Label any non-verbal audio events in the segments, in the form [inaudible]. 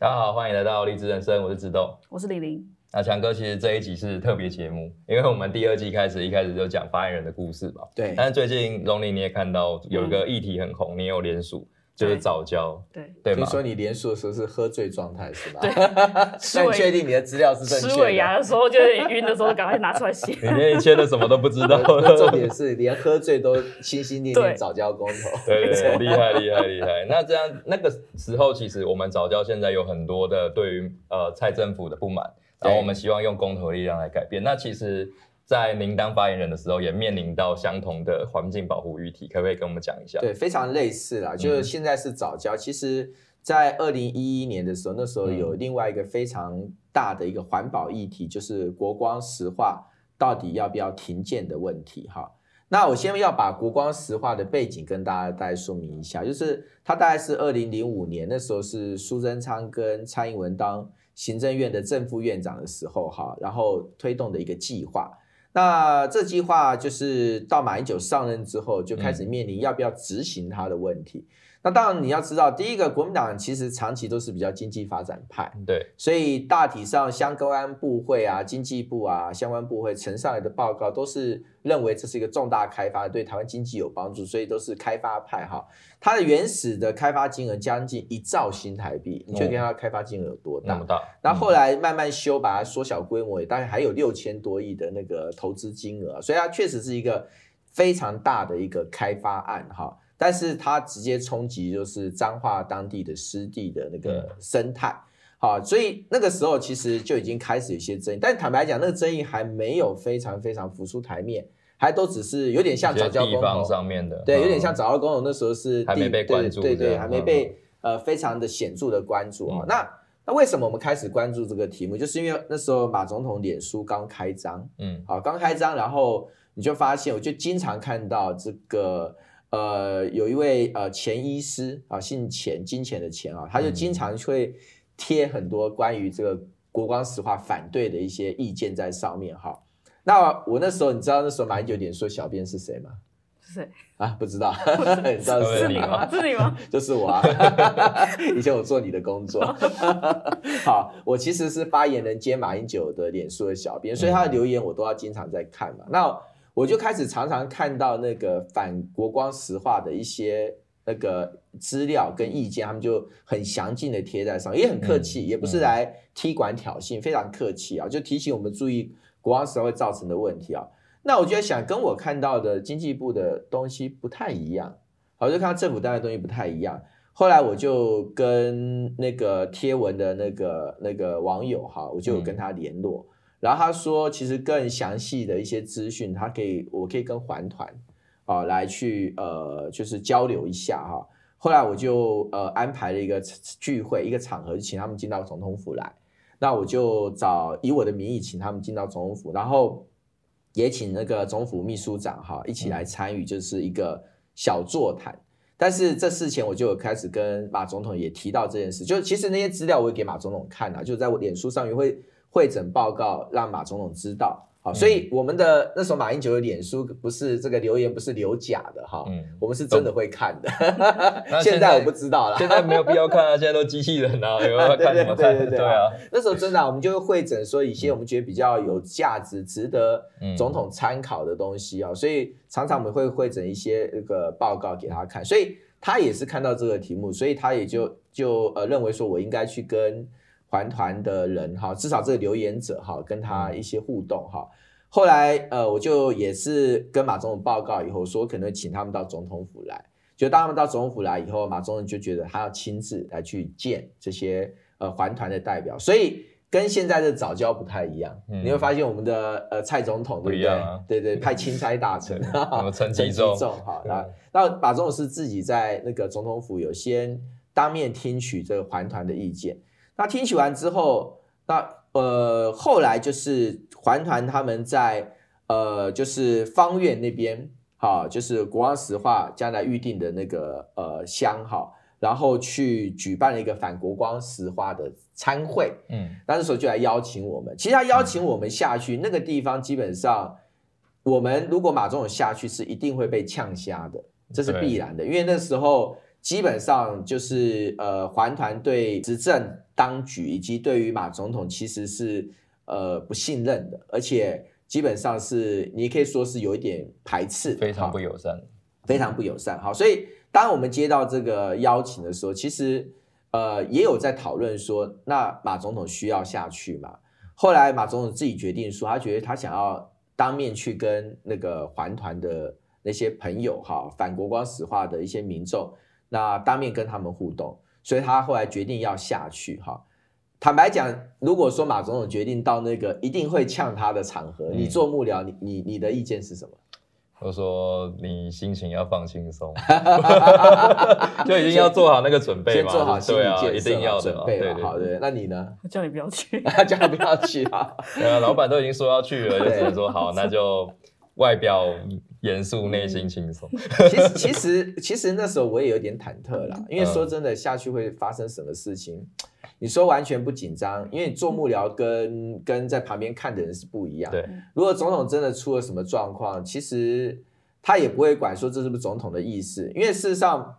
大家好，歡迎來到荔枝人生，我是志斗，我是李玲。那、啊、強哥，其實這一集是特別節目，因為我們第二季開始一開始就講發言人的故事吧。對。但是最近龍林你也看到有一個議題很紅，嗯、你也有連署。就是藻礁，對，對，對，所以說你連署的時候是喝醉狀態是吧？對，那 [laughs] 確定你的資料是正確的？吃尾牙的時候就是暈的時候，趕快拿出來寫。你連簽的什麼都不知道。 [laughs] 重點是連喝醉都心心念念藻礁公投。對，厲害厲害厲害。厲害 [laughs] 那這樣那個時候，其實我們藻礁現在有很多的對於呃蔡政府的不滿，然後我們希望用公投力量來改變。那其實。在您當發言人的時候，也面臨到相同的環境保護議題，可不可以跟我們講一下？對，非常類似啦，就是現在是藻礁、嗯。其實，在二零一一年的時候，那時候有另外一個非常大的一個環保議題、嗯，就是國光石化到底要不要停建的問題。哈，那我先要把國光石化的背景跟大家大概說明一下，就是它大概是二零零五年那時候是蘇貞昌跟蔡英文當行政院的正副院長的時候，哈，然後推動的一個計劃。那這計劃就是到馬英九上任之後，就開始面臨要不要執行他的問題。嗯。嗯當然，你要知道，第一個國民黨其實長期都是比較經濟發展派，對，所以大體上公安部會啊、經濟部啊、相關部會呈上來的報告，都是認為這是一個重大開發，對台灣經濟有幫助，所以都是開發派哈。它的原始的開發金額將近一兆新台幣，嗯、你確定它開發金額有多大？那麼大。那後，後來慢慢修，把它縮小規模，也大概還有六千多億的那個投資金額，所以它確實是一個非常大的一個開發案哈。但是它直接衝擊就是彰化當地的濕地的那個生態，嗯、好，所以那個時候其實就已經開始有些爭議，但坦白講，那個爭議還沒有非常非常浮出台面，還都只是有點像藻礁公投上面的，對，嗯、有點像藻礁公投那時候是地還沒被關注對，對對，還沒被，嗯、呃非常的顯著的關注啊、嗯。那那為什麼我們開始關注這個題目，就是因為那時候馬總統臉書剛開張，嗯，好，剛開張，然後你就發現，我就經常看到這個。呃，有一位呃錢醫師啊，姓錢，金錢的錢啊，他就經常會貼很多關於這個國光石化反對的一些意見在上面哈、啊。那我那時候你知道那時候馬英九臉書小編是誰嗎？是誰啊？不知道， [laughs] 你知道是你嗎？是你嗎？ [laughs] 就是我啊！ [laughs] 以前我做你的工作。 [laughs] 好，我其實是發言人兼馬英九的臉書的小編，所以他的留言我都要經常在看嘛。嗯、那。我就開始常常看到那個反國光石化的一些那個資料跟意見，他們就很詳盡的貼在上面，也很客氣，也不是來踢館挑釁，非常客氣啊，就提醒我們注意國光石化會造成的問題啊。那我就在想，跟我看到的經濟部的東西不太一樣，我就看到政府單位東西不太一樣。後來我就跟那個貼文的那個那個網友哈，我就有跟他聯絡。嗯然後他說，其實更詳細的一些資訊，他可以，我可以跟環團啊、呃、來去呃，就是交流一下哈。後來我就呃安排了一個聚會，一個場合，請他們進到總統府來。那我就找以我的名義請他們進到總統府，然後也請那個總府秘書長哈一起來參與，就是一個小座談。但是這事前我就有開始跟馬總統也提到這件事，就其實那些資料我也給馬總統看了、啊，就在我臉書上也會。彙整報告讓馬總統知道，好，所以我們的、嗯、那時候馬英九的臉書不是這個留言，不是留假的哈、嗯，我們是真的會看的。現在， [laughs] 現在我不知道啦，現在沒有必要看啊， [laughs] 現在都機器人啊，有 [laughs] 要看什麼看？啊對，對，對，對，對啊，那時候真的、啊，我們就彙整說一些我們覺得比較有價值、 [laughs] 值得總統參考的東西啊，所以常常我們會彙整一些那個報告給他看，所以他也是看到這個題目，所以他也就就呃認為說我應該去跟。環團的人哈，至少這個留言者哈，跟他一些互動哈。後來呃，我就也是跟馬總統報告以後，說可能請他們到總統府來。就當他們到總統府來以後，馬總統就覺得他要親自來去見這些呃環團的代表，所以跟現在的藻礁不太一樣，嗯。你會發現我們的呃蔡總統對不，對不一樣，啊，對，對對，派欽差大臣，什 [laughs] 麼陳吉仲好啊？那， [laughs] 那馬總統是自己在那個總統府有先當面聽取這個環團的意見。那聽取完之後，那呃，後來就是環團他們在呃，就是方院那邊，好、啊，就是國光石化將來預定的那個呃鄉，好，然後去舉辦了一個反國光石化的餐會，嗯，那時候就來邀請我們。其實他邀請我們下去、嗯、那個地方，基本上我們如果馬總統下去是一定會被嗆瞎的，這是必然的，因為那時候。基本上就是呃，環團對執政當局以及對於馬總統其實是呃不信任的，而且基本上是你也可以說是有一點排斥，非常不友善，非常不友善。好，所以當我們接到這個邀請的時候，其實呃也有在討論說，那馬總統需要下去嘛？後來馬總統自己決定說，他覺得他想要當面去跟那個環團的那些朋友哈，反國光石化的一些民眾。那當面跟他們互動，所以他後來決定要下去哈。坦白講，如果說馬總統決定到那個一定會嗆他的場合，嗯，你做幕僚，你你你的意見是什麼？我說你心情要放輕鬆， [laughs] [laughs] 就已經要做好那個準備嘛。先先做好心理建設對啊，一定要準備對對，對，好對，對對，那你呢？我叫你不要去， [laughs] [laughs] 叫你不要去啊。老闆都已經說要去了， [laughs] 就是說好，那就外表。 [laughs] 嚴肅，內心輕鬆、嗯。其實，其實，其實那時候我也有點忐忑啦，因為說真的、嗯，下去會發生什麼事情？你說完全不緊張，因為你做幕僚跟跟在旁邊看的人是不一樣。對，如果總統真的出了什麼狀況，其實他也不會管說這是不是總統的意思，因為事實上，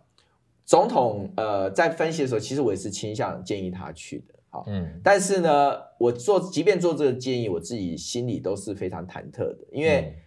總統呃在分析的時候，其實我也是傾向建議他去的。好，嗯，但是呢，我做即便做這個建議，我自己心裡都是非常忐忑的，因為。嗯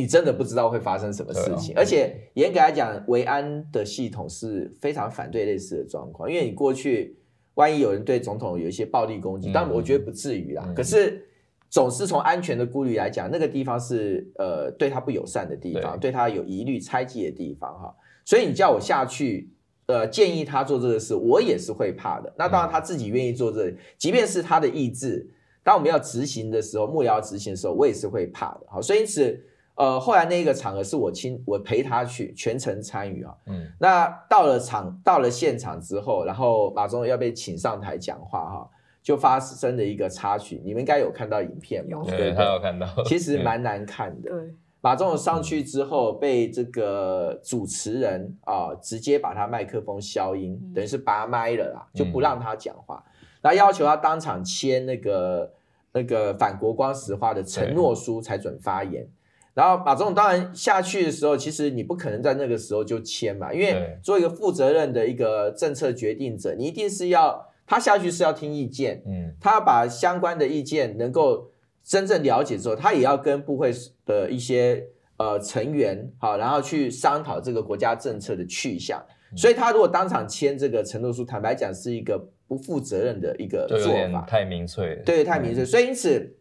你真的不知道會發生什麼事情，哦、而且嚴格來講，維安的系統是非常反對類似的狀況，因為你過去萬一有人對總統有一些暴力攻擊，但、嗯、我覺得不至於啦。嗯、可是總是從安全的顧慮來講，那個地方是呃對他不友善的地方，對，對他有疑慮、猜忌的地方哈。所以你叫我下去，呃，建議他做這個事，我也是會怕的。那當然他自己願意做這個，即便是他的意志，當我們要執行的時候，幕僚要執行的時候，我也是會怕的。好，所以因此。呃，後來那個場合是我親，我陪他去全程參與啊。嗯。那到了場，到了現場之後，然後馬總要被請上台講話哈、啊，就發生了一個插曲，你們應該有看到影片嗎？對，他有看到。其實蠻難看的。嗯嗯、馬總上去之後，被這個主持人啊、呃，直接把他麥克風消音、嗯，等於是拔麥了啦，就不讓他講話。那、嗯、要求他當場簽那個那個反國光石化的承諾書才准發言。嗯然後馬總統當然下去的時候，其實你不可能在那個時候就簽嘛，因為做一個負責任的一個政策決定者，你一定是要他下去是要聽意見，嗯，他要把相關的意見能夠真正了解之後，他也要跟部會的一些呃成員好，然後去商討這個國家政策的去向。嗯、所以他如果當場簽這個承諾書，坦白講是一個不負責任的一個做法，太民粹，對，太民粹、嗯，所以因此。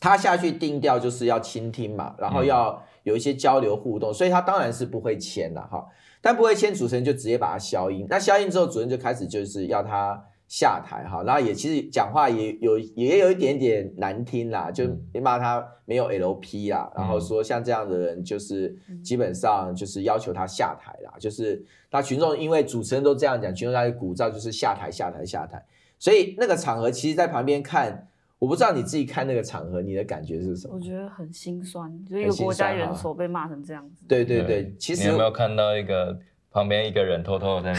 他下去定調就是要傾聽嘛，然後要有一些交流互動，嗯、所以他當然是不會簽了哈。但不會簽，主持人就直接把他消音。那消音之後，主持人就開始就是要他下台哈。然後也其實講話也有也有一點點難聽啦，就罵他沒有 L P 啦、嗯，然後說像這樣的人就是基本上就是要求他下台啦。嗯、就是那群眾因為主持人都這樣講，群眾他的鼓噪，就是下台下台下台。所以那個場合，其實在旁邊看。我不知道你自己看那個場合，你的感覺是什麼？我覺得很心酸，就是、一個國家元首被罵成這樣子。對對對，對其實你有沒有看到一個 [laughs] 旁邊一個人偷偷在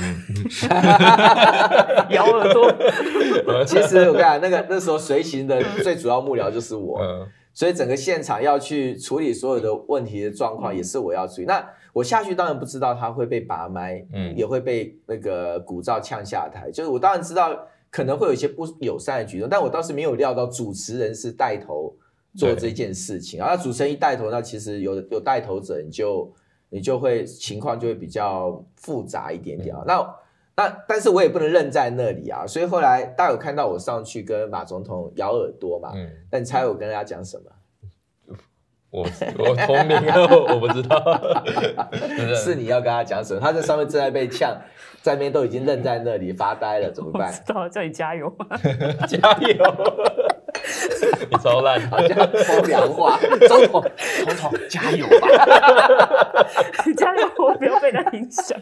咬耳朵？ [laughs] [laughs] [laughs] [laughs] [laughs] 其實我跟你講那個那時候隨行的最主要幕僚就是我、 [laughs] 嗯，所以整個現場要去處理所有的問題的狀況，也是我要注意、嗯。那我下去當然不知道他會被拔麥，嗯，也會被那個鼓噪嗆下台。就是我當然知道。可能會有一些不友善的舉動，但我倒是沒有料到主持人是帶頭做這件事情啊。那主持人一帶頭，那其實有有帶頭者你，你就你就會情況就會比較複雜一點點啊。嗯、那那但是我也不能愣在那裡啊，所以後來大家有看到我上去跟馬總統咬耳朵嘛？嗯，那你猜我跟大家講什麼？我我聰明啊，我不知道， [laughs] 是你要跟他講什麼？他在上面正在被嗆，在那邊都已經愣在那裡發呆了，怎麼辦？我知道叫你加油， [laughs] [laughs] 加油。 [laughs] 你好像說涼話。 [laughs] 總統，總統，加油吧！ [laughs] [laughs] 加油，我不要被他影響、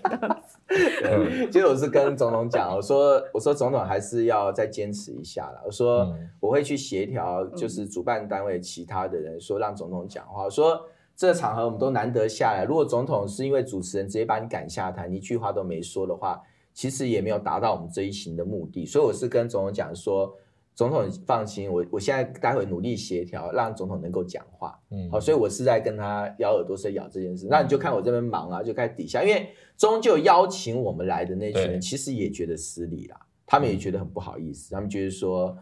嗯。其實我是跟總統講，我說，我說，總統還是要再堅持一下了。我說，我會去協調，就是主辦單位其他的人，嗯、說讓總統講話。我、嗯、說這場合我們都難得下來，如果總統是因為主持人直接把你趕下台，一句話都沒說的話，其實也沒有達到我們這一行的目的。所以我是跟總統講說。總統放心，我我現在待會努力協調，讓總統能夠講話。好、嗯哦，所以我是在跟他咬耳朵，是在咬這件事、嗯。那你就看我這邊忙啊，就看底下。因為終究邀請我們來的那群人，其實也覺得失禮啦，他們也覺得很不好意思，嗯、他們覺得說，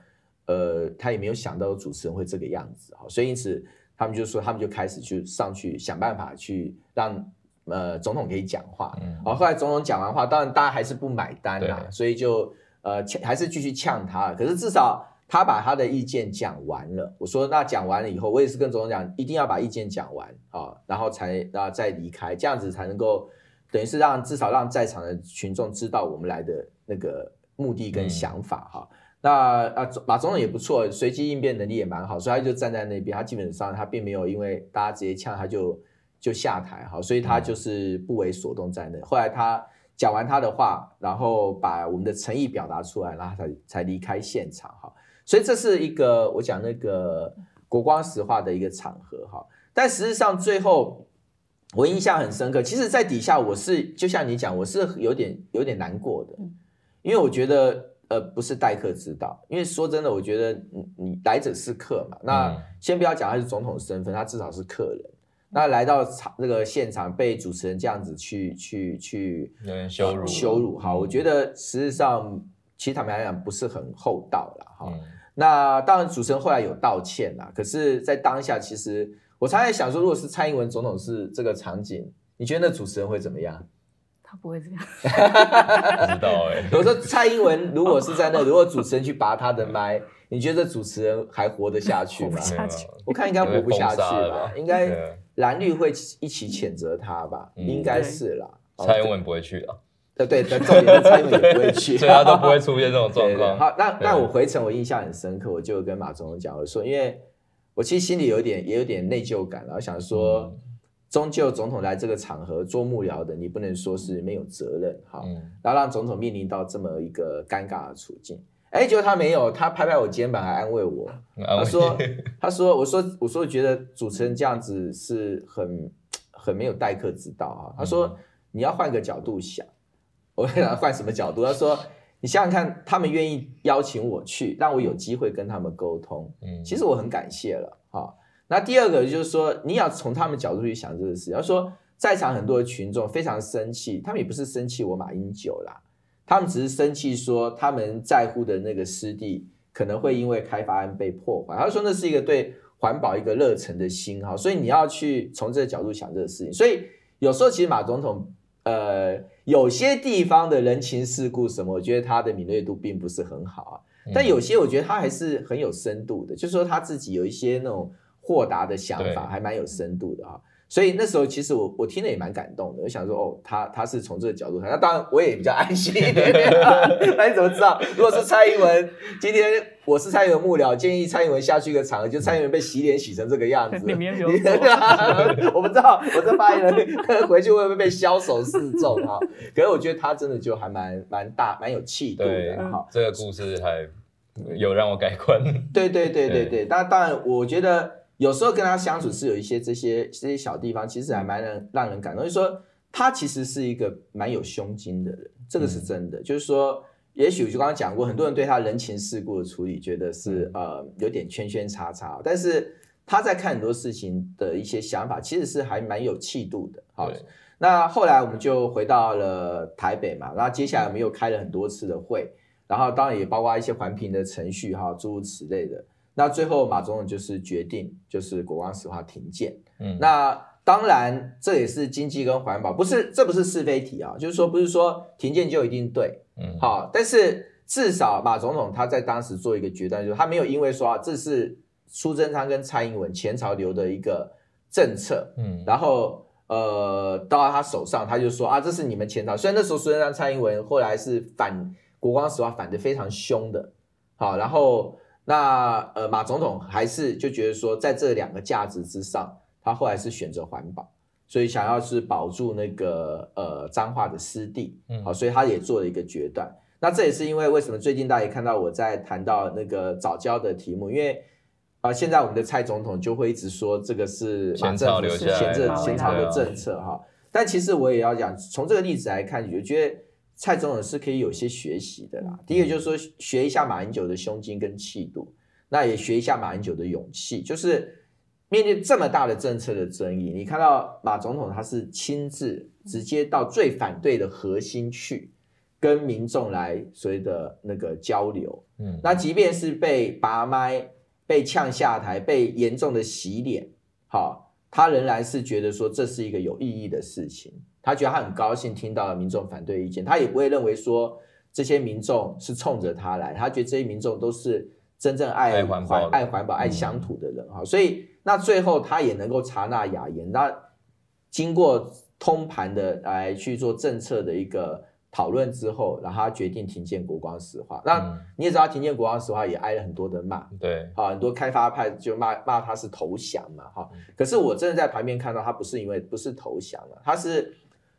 呃，他也沒有想到主持人會這個樣子。好、哦，所以因此他們就說，他們就開始去上去想辦法去讓呃總統可以講話。好、嗯哦，後來總統講完話，當然大家還是不買單啦、啊，所以就。呃，還是繼續嗆他，可是至少他把他的意見講完了。我說，那講完了以後，我也是跟總統講，一定要把意見講完，哦，然後才然後再離開，這樣子才能夠，等於是讓至少讓在場的群眾知道我們來的那個目的跟想法哈，嗯哦。那啊，馬總統也不錯，隨機應變能力也蠻好，所以他就站在那邊，他基本上他並沒有因為大家直接嗆他就就下台哈，哦，所以他就是不為所動在那。嗯，後來他。講完他的話，然後把我們的誠意表達出來，然後才才離開現場哈。所以這是一個我講那個國光石化的一個場合哈。但實際上最後我印象很深刻，其實，在底下我是就像你講，我是有點有點難過的，因為我覺得呃不是待客之道，因為說真的，我覺得你你來者是客嘛。那先不要講他是總統身份，他至少是客人。那來到場那個現場被主持人這樣子去去去、嗯、羞辱、啊、羞辱哈、嗯，我覺得實際上其實坦白來講不是很厚道了哈、嗯。那當然主持人後來有道歉啦，嗯、可是在當下其實我常常在想說，如果是蔡英文總統是這個場景，你覺得那主持人會怎麼樣？他不會這樣。 [laughs] [laughs] 我不知道哎、欸。我說蔡英文如果是在那， [laughs] 如果主持人去拔他的麥， [laughs] 你覺得主持人還活得下去嗎？活不下去。我看應該活不下去吧，應該。藍綠會一起譴責他吧，應該是啦、嗯。蔡英文不會去的，對對，重點是蔡英文也不會去 [laughs] 對，所以他都不會出現這種狀況。好，那那我回程我印象很深刻，我就跟馬總統講我說，因為，我其實心裡有點也有點內疚感，然後想說，終、嗯、究總統來這個場合做幕僚的，你不能說是沒有責任，好，嗯、然後讓總統面臨到這麼一個尷尬的處境。哎、欸，結果他沒有，他拍拍我肩膀還安慰我。Oh, yeah. 他說：“他說，我說，我說，覺得主持人這樣子是很很沒有待客之道啊。”他說：“你要換個角度想，我問他換什麼角度？ [laughs] 他說：你想想看，他們願意邀請我去，讓我有機會跟他們溝通。嗯， [laughs] 其實我很感謝了哈、哦。那第二個就是說，你要從他們角度去想這個事。他、就是、說，在場很多的群眾非常生氣，他們也不是生氣我馬英九啦。”他們只是生氣，說他們在乎的那個濕地可能會因為開發案被破壞。他說那是一個對環保一個熱忱的心哈、哦，所以你要去從這個角度想這個事情。所以有時候其實馬總統，呃，有些地方的人情世故什麼，我覺得他的敏銳度並不是很好啊。但有些我覺得他還是很有深度的，嗯、就是說他自己有一些那種豁達的想法，還蠻有深度的啊。所以那時候，其實我我聽了也蠻感動的。我想說，哦，他他是從這個角度看，那當然我也比較安心一點。那 [laughs] [laughs] 你怎麼知道？如果是蔡英文，今天我是蔡英文幕僚，建議蔡英文下去一個場，就蔡英文被洗臉洗成這個樣子， [laughs] 有？ [laughs] [laughs] 我不知道，我這發言回去會不會被梟首示眾啊？可是我覺得他真的就還蠻蠻大，蠻有氣度的。對這個故事還有讓我改觀。 [laughs] 對對對對對，對但當然，我覺得。有時候跟他相處是有一些這些、嗯、這些小地方，其實還蠻能讓人感動。就是說，他其實是一個蠻有胸襟的人，這個是真的。嗯、就是說，也許我就剛剛講過，很多人對他人情世故的處理，覺得是、嗯、呃有點圈圈叉叉，但是他在看很多事情的一些想法，其實是還蠻有氣度的。好，那後來我們就回到了台北嘛，然後接下來我們又開了很多次的會，然後當然也包括一些環評的程序哈，諸如此類的。那最後馬總統就是決定，就是國光石化停建、嗯。那當然這也是經濟跟環保，不是這不是是非題啊，就是說不是說停建就一定對。嗯，好，但是至少馬總統他在當時做一個決斷，就是、他沒有因為說，這是蘇貞昌跟蔡英文前朝留的一個政策，嗯，然後呃到了他手上，他就說啊這是你們前朝，雖然那時候蘇貞昌、蔡英文後來是反國光石化反得非常凶的，好，然後。那呃，馬總統還是就覺得說，在這兩個價值之上，他後來是選擇環保，所以想要是保住那個呃彰化的濕地，好、哦，所以他也做了一個決斷、嗯。那這也是因為為什麼最近大家也看到我在談到那個藻礁的題目，因為啊、呃，現在我們的蔡總統就會一直說這個是前政府、前政、前朝的政策哈、啊啊哦，但其實我也要講，從這個例子來看，你就覺得。蔡總統是可以有些學習的啦。第一個就是說，學一下馬英九的胸襟跟氣度，那也學一下馬英九的勇氣。就是面對這麼大的政策的爭議，你看到馬總統他是親自直接到最反對的核心去跟民眾來所謂的那個交流。嗯，那即便是被拔麥、被嗆下台、被嚴重的洗臉，好、哦，他仍然是覺得說這是一個有意義的事情。他覺得他很高興聽到了民眾反對意見，他也不會認為說這些民眾是衝着他來，他覺得這些民眾都是真正愛環愛環保，保、愛鄉土的人哈、嗯，所以那最後他也能夠察納雅言，那經過通盤的來去做政策的一個討論之後，然後他決定停建國光石化。那你也知道，停建國光石化也挨了很多的罵，對、嗯、很多開發派就罵罵他是投降嘛哈、嗯。可是我真的在旁邊看到，他不是因為不是投降了、啊，他是。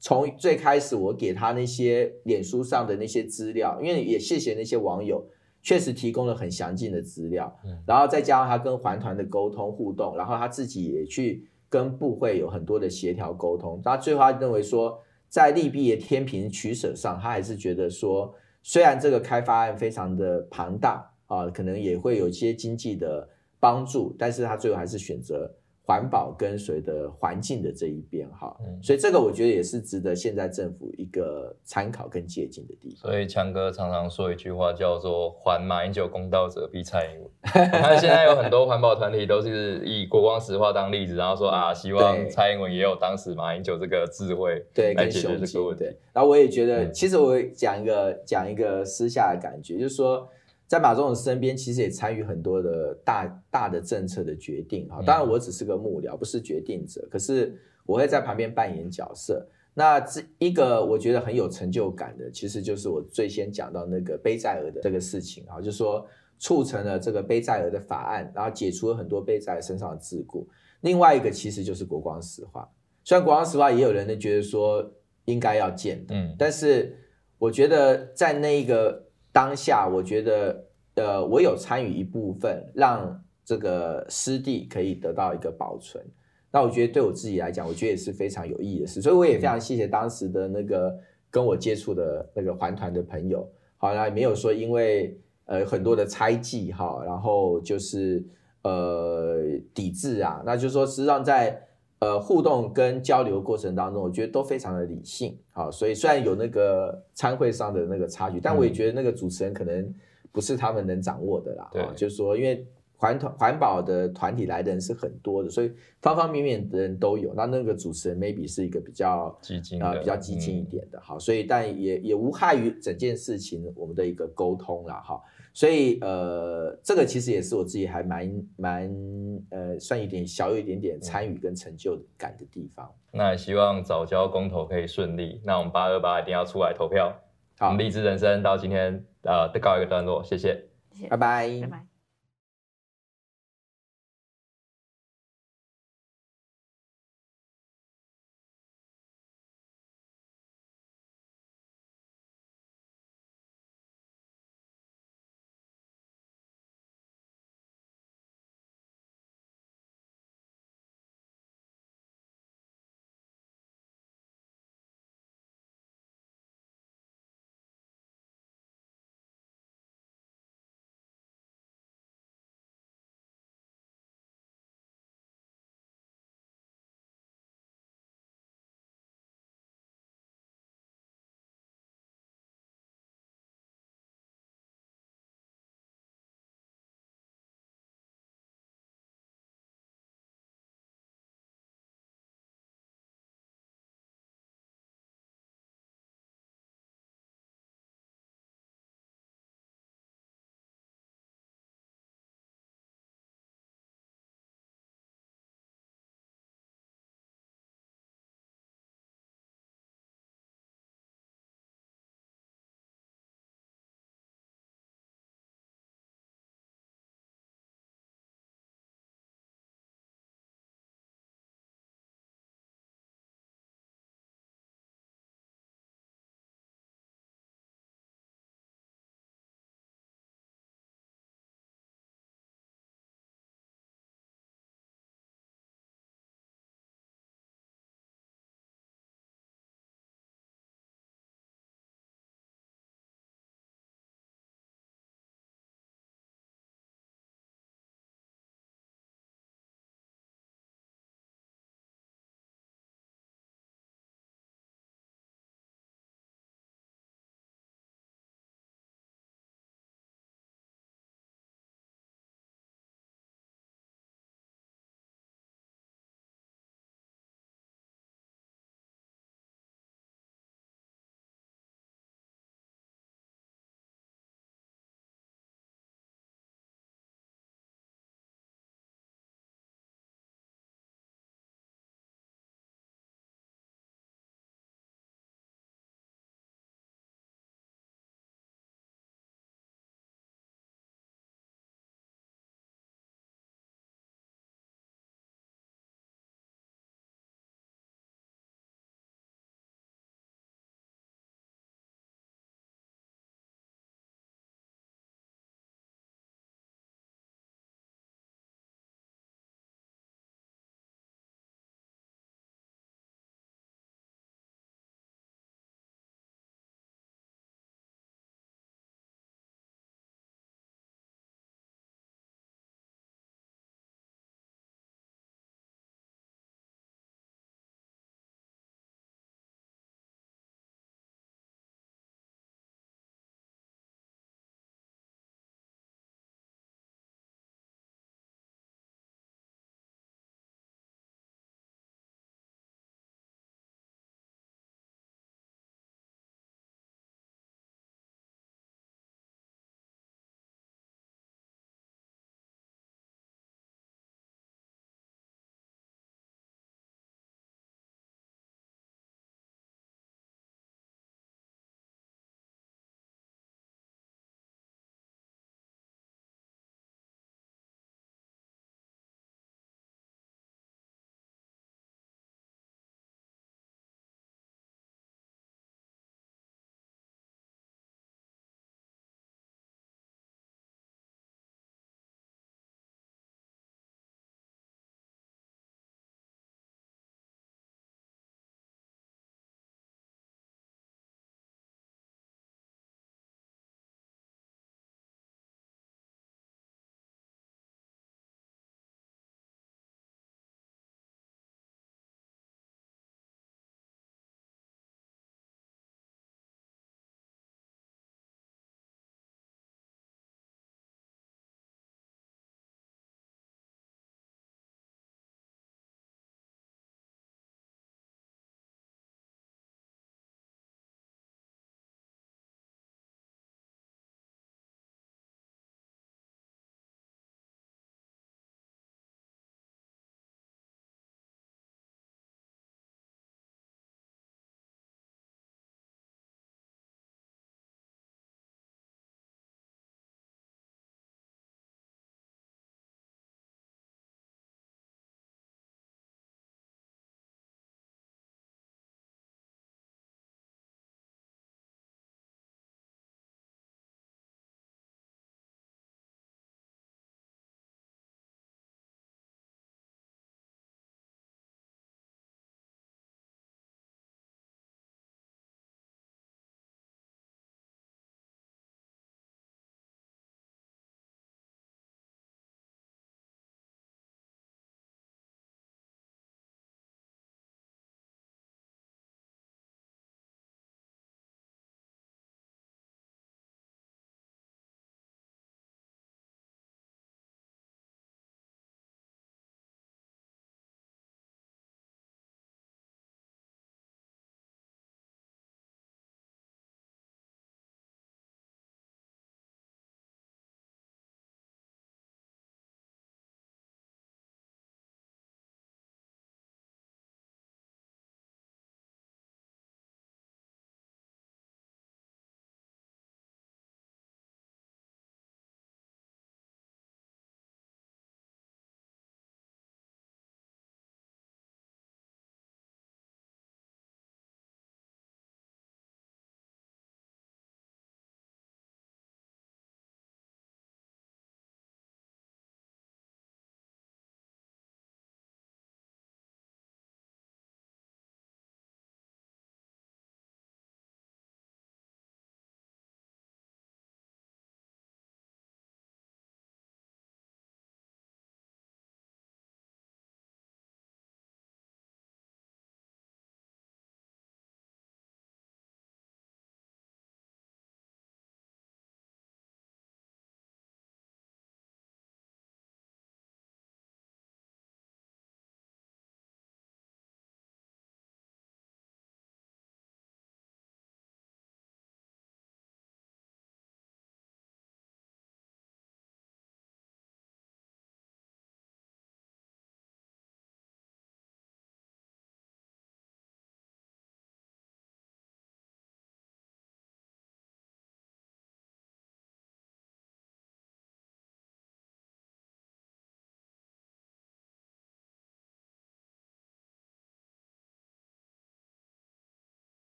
從最開始我給他那些臉書上的那些資料，因為也謝謝那些網友，確實提供了很詳盡的資料。然後再加上他跟環團的溝通互動，然後他自己也去跟部會有很多的協調溝通。他最後他認為說，在利弊的天平取捨上，他還是覺得說，雖然這個開發案非常的龐大啊、呃，可能也會有一些經濟的幫助，但是他最後還是選擇。環保跟隨的環境的這一邊哈、嗯，所以這個我覺得也是值得現在政府一個參考跟借鑑的地方。所以強哥常常說一句話叫做“還馬英九公道者必蔡英文”，你看、 [laughs] 哦、現在有很多環保團體都是以國光石化當例子，然後說啊，希望蔡英文也有當時馬英九這個智慧對，對來解決這個問題。然後我也覺得，其實我講一個講一個私下的感覺，嗯、就是說。在馬總統的身邊，其實也參與很多的大大的政策的決定。哈。當然，我只是個幕僚，不是決定者，嗯、可是我會在旁邊扮演角色。那這一個我覺得很有成就感的，其實就是我最先講到那個背債兒的這個事情啊，就是，說促成了這個背債兒的法案，然後解除了很多背債兒身上的桎梏。另外一個其實就是國光石化，雖然國光石化也有人覺得說應該要建的，嗯，但是我覺得在那一個。當下我覺得，呃，我有參與一部分，讓這個濕地可以得到一個保存。那我覺得對我自己來講，我覺得也是非常有意義的事。所以我也非常謝謝當時的那個跟我接觸的那個環團的朋友。好了，那沒有說因為呃很多的猜忌哈，然後就是呃抵制啊，那就是說實際上在。呃，互動跟交流過程當中，我覺得都非常的理性，好、哦，所以雖然有那個餐會上的那個差距，但我也覺得那個主持人可能不是他們能掌握的啦，嗯哦、對、就是說因為。環團環保的團體來的人是很多的，所以方方面面的人都有。那那個主持人 maybe 是一個比較激進啊，比較激進一點的。好、嗯，所以但也也無害於整件事情我們的一個溝通啦，好，所以呃，這個其實也是我自己還蠻蠻呃，算一點小有一點點參與跟成就感的地方。嗯、那也希望藻礁公投可以順利。那我們八二八一定要出來投票。好，荔枝人生到今天呃，得告一個段落。謝謝，拜拜，拜拜。Bye bye